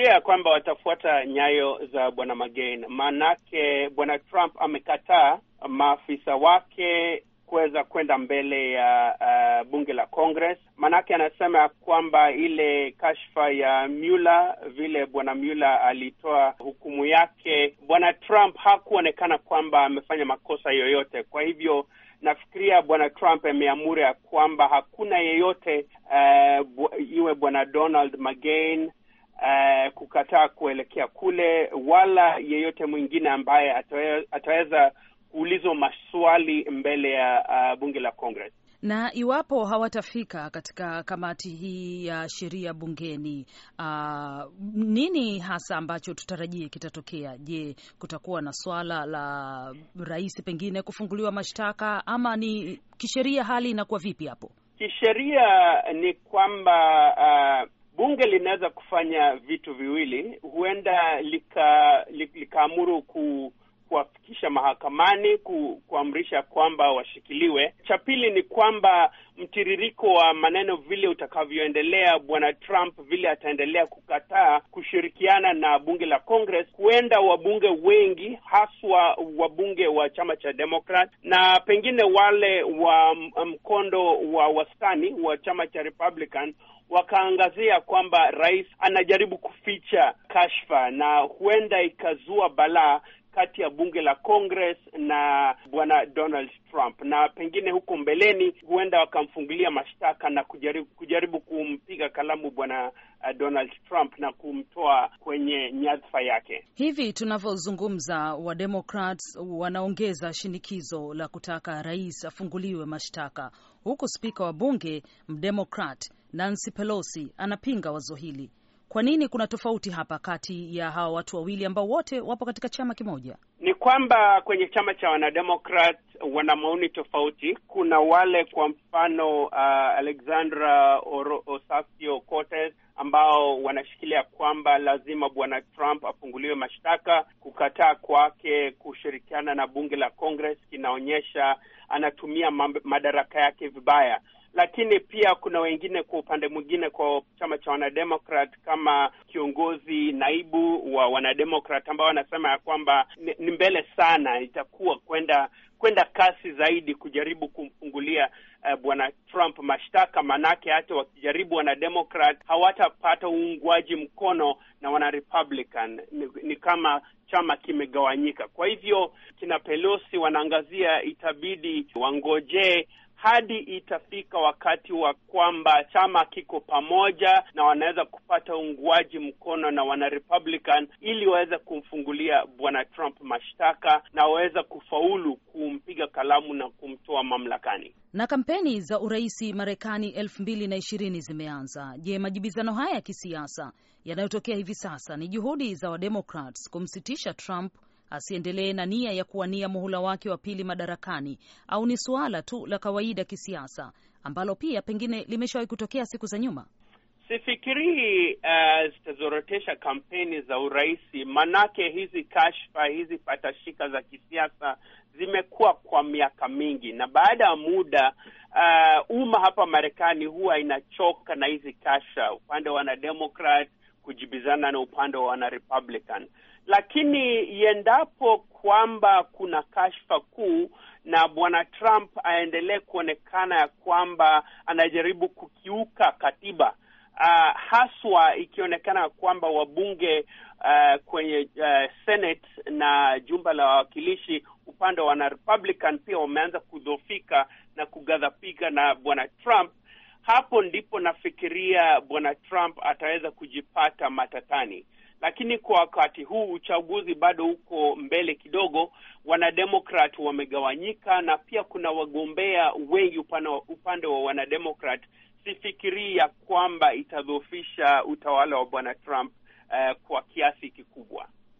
Nafikiria kwamba watafuata nyayo za bwana magen maanake bwana Trump amekataa maafisa wake kuweza kwenda mbele ya uh, bunge la Congress, maanake anasema ya kwamba ile kashfa ya Mueller, vile bwana Mueller alitoa hukumu yake, bwana Trump hakuonekana kwamba amefanya makosa yoyote. Kwa hivyo nafikiria bwana Trump ameamuru ya kwamba hakuna yeyote uh, iwe bwana Donald McGain eh, kukataa kuelekea kule, wala yeyote mwingine ambaye ataweza kuulizwa maswali mbele ya uh, bunge la Congress na iwapo hawatafika katika kamati hii ya sheria bungeni, uh, nini hasa ambacho tutarajie kitatokea? Je, kutakuwa na swala la rais pengine kufunguliwa mashtaka ama ni kisheria, hali inakuwa vipi hapo? Kisheria ni kwamba uh, bunge linaweza kufanya vitu viwili, huenda likaamuru lika ku kuwafikisha mahakamani ku, kuamrisha kwamba washikiliwe. Cha pili ni kwamba mtiririko wa maneno vile utakavyoendelea, bwana Trump vile ataendelea kukataa kushirikiana na bunge la Congress, huenda wabunge wengi haswa wabunge wa chama cha Democrat na pengine wale wa mkondo wa wastani wa chama cha Republican wakaangazia kwamba rais anajaribu kuficha kashfa na huenda ikazua balaa kati ya bunge la Congress na bwana Donald Trump, na pengine huko mbeleni huenda wakamfungulia mashtaka na kujaribu, kujaribu kumpiga kalamu bwana uh, Donald Trump na kumtoa kwenye nyadhifa yake. Hivi tunavyozungumza, wademokrat wanaongeza shinikizo la kutaka rais afunguliwe mashtaka, huku spika wa bunge mdemokrat Nancy Pelosi anapinga wazo hili. Kwa nini kuna tofauti hapa kati ya hawa watu wawili ambao wote wapo katika chama kimoja? Ni kwamba kwenye chama cha wanademokrat wana maoni tofauti. Kuna wale kwa mfano uh, Alexandra Ocasio Cortez ambao wanashikilia kwamba lazima bwana Trump afunguliwe mashtaka. Kukataa kwake kushirikiana na bunge la Congress kinaonyesha anatumia madaraka yake vibaya lakini pia kuna wengine kwa upande mwingine, kwa chama cha wanademokrat kama kiongozi naibu wa wanademokrat ambao wanasema ya kwamba ni mbele sana, itakuwa kwenda kwenda kasi zaidi kujaribu kumfungulia uh, bwana Trump mashtaka, manake hata wakijaribu wanademokrat hawatapata uungwaji mkono na wanarepublican. Ni, ni kama chama kimegawanyika. Kwa hivyo kina Pelosi wanaangazia, itabidi wangojee hadi itafika wakati wa kwamba chama kiko pamoja na wanaweza kupata uunguaji mkono na wana Republican ili waweze kumfungulia bwana Trump mashtaka na waweza kufaulu kumpiga kalamu na kumtoa mamlakani. Na kampeni za uraisi Marekani elfu mbili na ishirini zimeanza. Je, majibizano haya ya kisiasa yanayotokea hivi sasa ni juhudi za Wademokrats kumsitisha Trump asiendelee na nia ya kuwania muhula wake wa pili madarakani au ni suala tu la kawaida kisiasa ambalo pia pengine limeshawahi kutokea siku za nyuma? Sifikirii uh, zitazorotesha kampeni za urahisi manake hizi kashfa hizi patashika za kisiasa zimekuwa kwa miaka mingi, na baada ya muda eh, umma uh, hapa Marekani huwa inachoka na hizi kashfa, upande wa wanademokrat kujibizana na upande wa wanarepublican. Lakini iendapo kwamba kuna kashfa kuu na bwana Trump aendelee kuonekana ya kwamba anajaribu kukiuka katiba Uh, haswa ikionekana kwamba wabunge uh, kwenye uh, Senate na jumba la wawakilishi upande wa wanarepublican pia wameanza kudhofika na kugadhapika na bwana Trump, hapo ndipo nafikiria bwana Trump ataweza kujipata matatani lakini kwa wakati huu uchaguzi bado uko mbele kidogo. Wanademokrat wamegawanyika na pia kuna wagombea wengi upande wa wanademokrat. Sifikirii ya kwamba itadhoofisha utawala wa bwana Trump uh, kwa kiasi kikubwa.